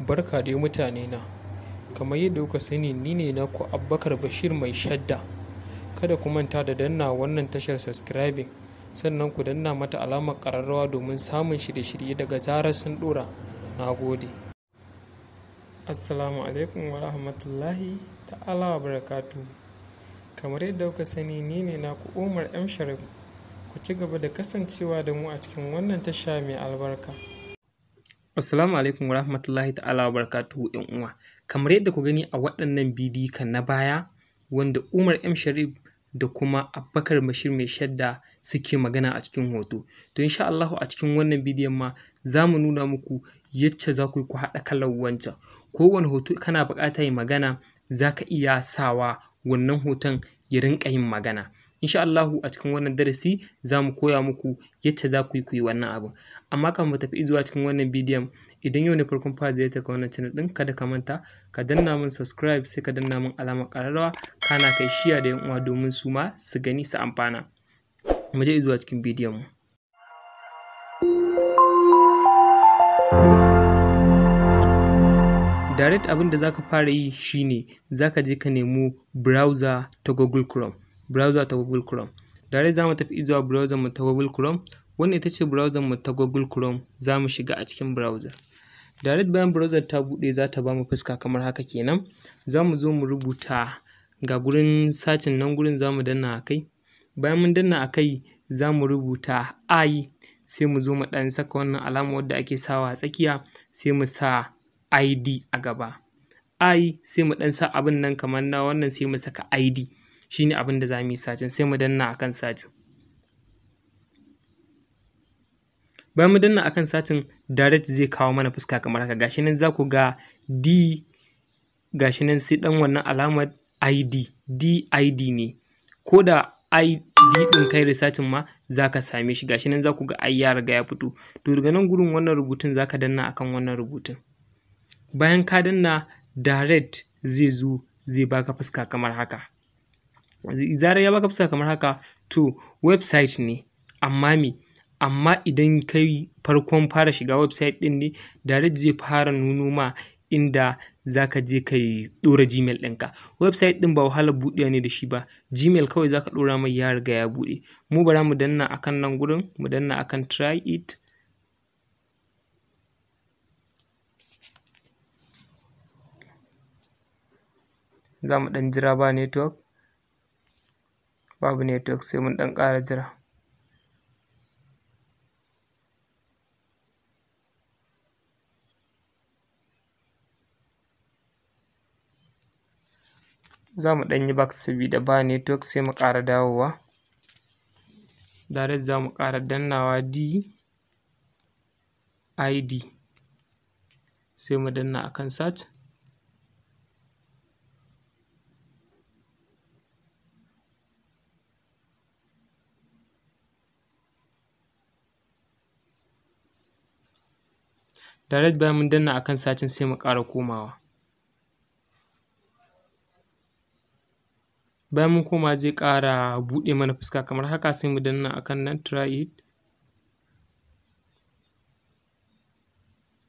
Barka dai mutane na. Kamar yadda kuka sani ni ne ku Abubakar Bashir mai shadda. Kada ku manta da danna wannan tashar subscribing sannan ku danna mata alamar ƙararrawa domin samun shirye-shirye daga zarar sun ɗora. Na gode. Assalamu alaikum wa rahmatullahi ta'ala wa barakatu. Kamar yadda kuka sani ni ne ku Umar M. Sharif. Ku ci gaba da kasancewa da mu a cikin wannan tasha mai albarka. Assalamu alaikum wa rahmatullahi ta'ala wa barakatuhu ‘yan uwa. Kamar yadda ku gani a waɗannan bidikan na baya wanda Umar M Sharif da kuma Abubakar Bashir mai shadda suke magana a cikin hoto. To insha Allahu a cikin wannan bidiyon ma za mu nuna muku yacce za ku yi ku haɗa kalar wancan. Kowane hoto kana buƙatar yin magana za ka iya sawa wannan hoton ya rinƙa yin magana. insha Allahu a cikin wannan darasi za mu koya muku yadda za ku yi ku yi wannan abin amma kan mu tafi zuwa cikin wannan bidiyon idan yau ne farkon fara ziyartar ka wannan channel din kada ka manta ka danna min subscribe sai ka danna min alamar ƙararrawa kana kai shiya da yan uwa domin su ma su gani su amfana mu je zuwa cikin bidiyon mu direct abin da zaka fara yi shine zaka je ka nemo browser ta Google Chrome browser ta Google Chrome dare za mu tafi zuwa browser mu ta Google Chrome wannan ita ce browser mu ta Google Chrome za mu shiga a cikin browser direct bayan browser ta buɗe za ta ba mu fuska kamar haka kenan za mu zo mu rubuta ga gurin satin nan gurin za mu danna a kai bayan mun danna a kai za mu rubuta i sai mu zo mu ɗan saka wannan alama wadda ake sawa a tsakiya sai mu sa id a gaba i sai mu ɗan sa abin nan kamar na wannan sai mu saka id shine abin da za mu yi sacin sai mu danna akan sacin bayan mu danna akan sacin direct zai kawo mana fuska kamar haka gashi nan za ku ga d gashi nan sai dan wannan alamar id did ne ko da id din kai researching ma za ka same shi gashi nan za ku ga ai ya riga ya fito to daga nan gurin wannan rubutun za ka danna akan wannan rubutun bayan ka danna direct zai zo zai baka fuska kamar haka zarar ya baka fuska kamar haka to website ne amma me amma idan kai farkon fara shiga website ɗin ne direct zai fara nuno ma inda za ka je kai ɗora gmail ɗinka website ɗin ba wahalar buɗewa ne da shi ba gmail kawai za ka ɗora mai ya riga ya buɗe mu bara mu danna akan nan gurin mu danna akan try it za mu ɗan jira ba network babu network sai mun ɗan ƙara jira za mu ɗan yi back sabida ba network sai mu ƙara dawowa direct za mu ƙara dannawa d id sai mu danna akan sat. direct bayan mun danna akan satin sai mu ƙara komawa bayan mun koma zai ƙara buɗe mana fuska kamar haka sai mu danna akan nan try it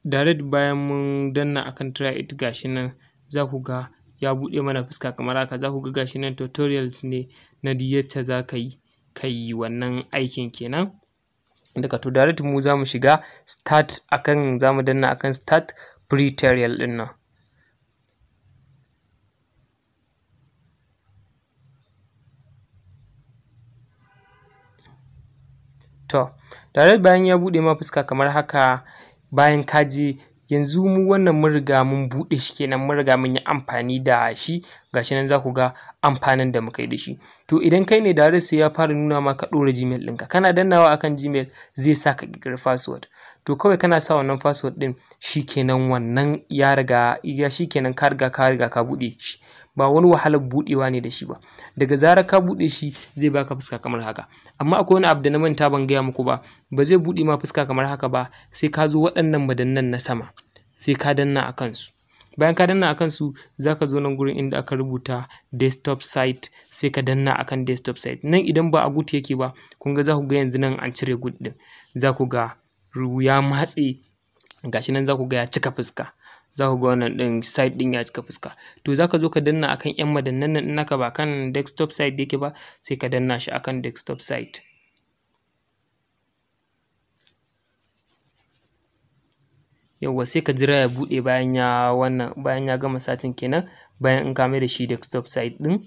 direct bayan mun danna akan try it gashi nan za ku ga ya buɗe mana fuska kamar haka za ku ga gashi nan tutorials ne na duk za ka yi ka yi wannan aikin kenan daga to direct mu za mu shiga start akan za mu danna akan start free din nan to direct bayan ya bude ma fuska kamar haka bayan kaji. yanzu mu wannan mun riga mun buɗe shi kenan mun riga mun yi amfani da shi ga shi nan za ku ga amfanin da muka yi da shi to idan kai ne direct sai ya fara nuna maka ɗora gmail ɗinka kana dannawa akan gmail zai sa ka ƙirƙiri password to kawai kana sa wannan password ɗin shikenan wannan ya riga ya shikenan ka riga ka riga ka buɗe shi ba wani wahalar buɗewa ne da shi ba daga zarar ka buɗe shi zai baka fuska kamar haka amma akwai wani abu da na manta ban gaya muku ba ba zai buɗe ma fuska kamar haka ba sai ka zo waɗannan madannan na sama sai ka danna a kansu bayan ka danna a kansu za ka zo nan gurin inda aka rubuta desktop site sai ka danna akan desktop site nan idan ba a gut yake ba kun ga za ku ga yanzu nan an cire gut ɗin za ku ga ya matse gashi nan za ku ga ya cika fuska za ku ga wannan ɗin site ɗin ya cika fuska to za ka zo ka danna akan yan madannan nan naka ba kan desktop site yake ba sai ka danna shi akan desktop site yauwa sai ka jira ya buɗe bayan ya wannan bayan ya gama satin kenan bayan in ka mai da shi desktop site ɗin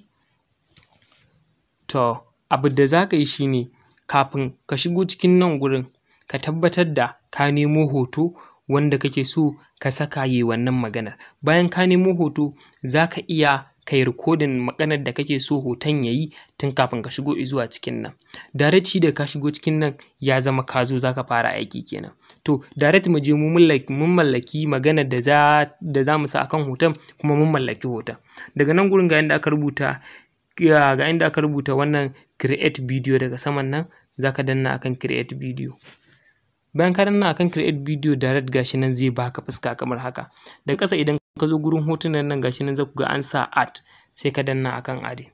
to abu da za ka yi shine kafin ka shigo cikin nan gurin ka tabbatar da ka nemo hoto wanda kake so ka saka yi wannan maganar bayan ka nemo hoto za ka iya kai rikodin maganar da kake so hoton ya yi tun kafin ka shigo zuwa cikin nan direct da ka shigo cikin nan ya zama ka zo za ka fara aiki kenan to direct mu je mun mallaki maganar da za mu sa akan hoton kuma mun mallaki hoton daga nan gurin ga aka rubuta ga inda aka rubuta wannan create video daga saman nan za ka danna akan create video bayan ka danna akan create video direct gashi nan zai baka fuska kamar haka Da ƙasa idan ka zo gurin hotunan nan gashi nan za ku ga an sa art sai ka danna akan ade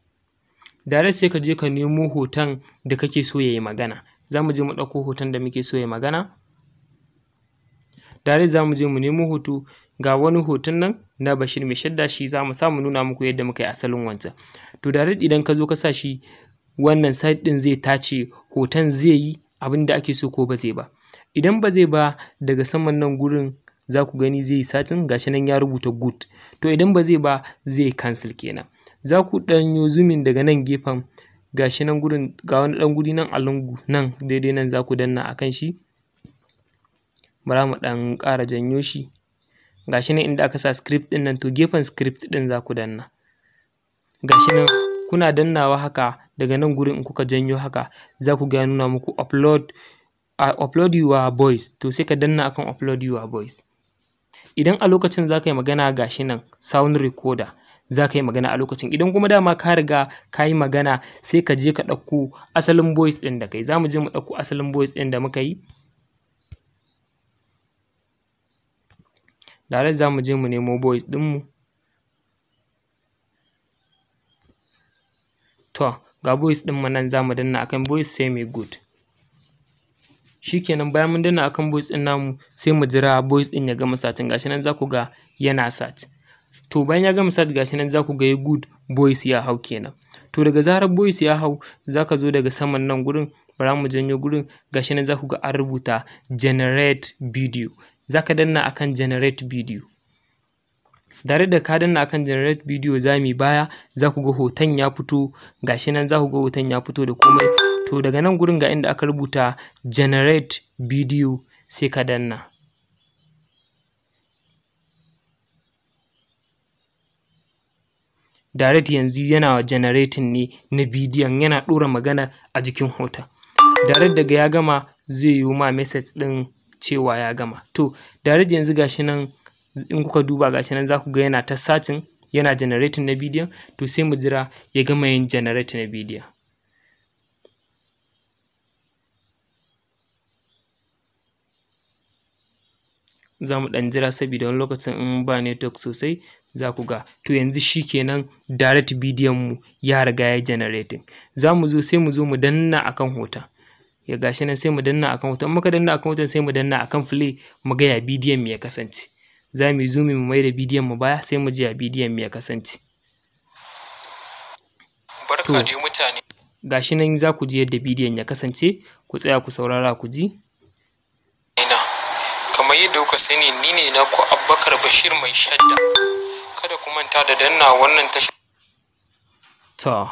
direct sai ka je ka nemo hoton da kake so yayi magana za mu je mu ɗauko hoton da muke so yayi magana direct za mu je mu nemo hoto ga wani hoton nan na Bashir mai shadda shi za mu samu nuna muku yadda muka yi asalin wancan to direct idan ka zo ka sa shi wannan site ɗin zai tace hoton zai yi abin da ake so ko ba zai ba Idan ba zai ba daga saman nan gurin za ku gani zai yi satin gashi nan ya rubuta gud. To idan ba zai ba zai cancel kenan. Za ku ɗanyo zumin daga nan gefen gashi nan gurin ga wani ɗan guri nan a nan daidai nan za ku danna a kan shi. Bara mu ɗan ƙara janyo shi. Gashi nan inda aka sa script ɗin nan to gefen script ɗin za ku danna. Gashi nan kuna dannawa haka daga nan gurin in kuka janyo haka za ku ga ya nuna muku upload a upload your voice to sai ka danna akan upload your voice idan a lokacin za ka yi magana gashi nan sound recorder za ka yi magana a lokacin idan kuma dama ka riga ka yi magana sai ka je ka ɗauko asalin voice ɗin da kai za mu je mu ɗauko asalin voice ɗin da muka yi direct za mu je mu nemo voice ɗinmu to ga voice ɗinmu nan za mu danna akan voice sai mu good shikenan bayan mun danna akan voice din namu sai mu jira voice din ya gama satin gashi nan za ga yana sat to bayan ya gama sat gashi nan za ku ga good voice ya hau kenan to daga zarar voice ya hau zaka zo daga saman nan gurin bara mu janyo gurin gashi nan za ga an rubuta generate video za danna akan generate video dare da ka danna akan generate video zamu baya za ku ga hoton ya fito gashi nan za ga hoton ya fito da komai to daga nan gurin ga inda aka rubuta generate video sai ka danna direct yanzu yana generating ne na bidiyon yana ɗora magana a jikin hoton direct daga ya gama zai yi ma message ɗin cewa ya gama to direct yanzu gashi nan in kuka duba gashi nan za ku ga yana ta satin yana generating na bidiyon to sai mu jira ya gama yin generating na bidiyon za mu ɗan jira saboda wani lokacin in ba network sosai za ku ga to yanzu shi kenan direct bidiyon mu ya riga ya generating za mu zo sai mu zo mu danna akan hoton ya gashi nan sai mu danna akan hoton muka danna akan hoton sai mu danna akan play mu ga ya bidiyon mu ya kasance za mu zo mu mai da bidiyon mu baya sai mu ji ya bidiyon mu ya kasance barka dai mutane gashi nan za ku ji yadda bidiyon ya kasance ku tsaya ku saurara ku ji ku sani ni ne na ku Abubakar Bashir mai shadda. Kada ku manta da danna wannan tashar. To,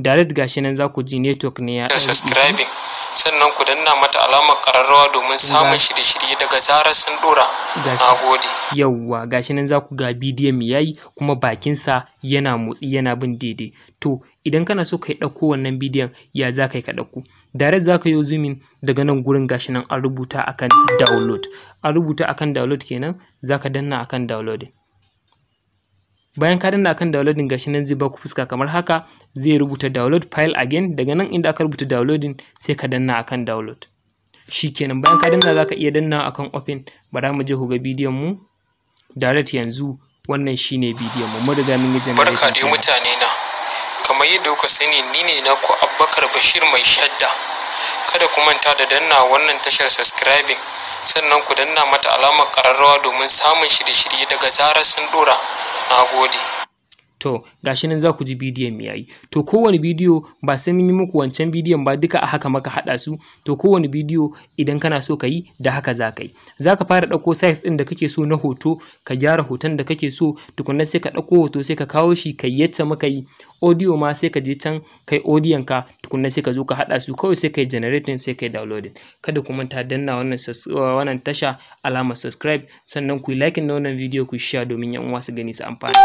direct gashi nan za ku ji network ne ya. Subscribing. sannan ku danna mata alamar kararrawa domin samun shirye-shirye daga zarar sun dora na gode yawwa gashi nan za ku ga bidiyon mu yayi kuma bakinsa yana motsi yana bin daidai to idan kana so ka yi ɗauko wannan bidiyon ya za ka yi ka ɗauko direct za ka yi zoomin daga nan gurin gashi nan an rubuta akan download an rubuta akan download kenan za ka danna akan downloading bayan ka danna kan downloading gashi nan zai baku fuska kamar haka zai rubuta download file again daga nan inda aka rubuta downloading sai ka danna akan download shikenan bayan ka danna zaka iya danna akan open bara mu je ku ga bidiyon mu direct yanzu wannan shine bidiyon mu mun riga mun yi jami'a barka dai mutane na kamar yadda kuka sani ni ne na ku Abubakar Bashir mai shadda kada ku manta da danna wannan tashar subscribing sannan ku danna mata alamar kararrawa domin samun shirye-shirye daga zarar sun dora Na gode. to gashi nan za ku ji bidiyon mu yayi to kowane bidiyo ba sai mun yi muku wancan bidiyon ba duka a haka maka haɗa su to kowane bidiyo idan kana so ka yi da haka za ka yi za ka fara ɗauko size ɗin da kake so na hoto ka gyara hoton da kake so tukunna sai ka ɗauko hoto sai ka kawo shi ka yacce muka yi audio ma sai ka je can kai yi audion ka tukunna sai ka zo ka haɗa su kawai sai ka yi generating sai ka yi downloading kada ku manta danna wannan wannan tasha alama subscribe sannan ku yi like na wannan bidiyo ku share domin yan uwa su gani su amfana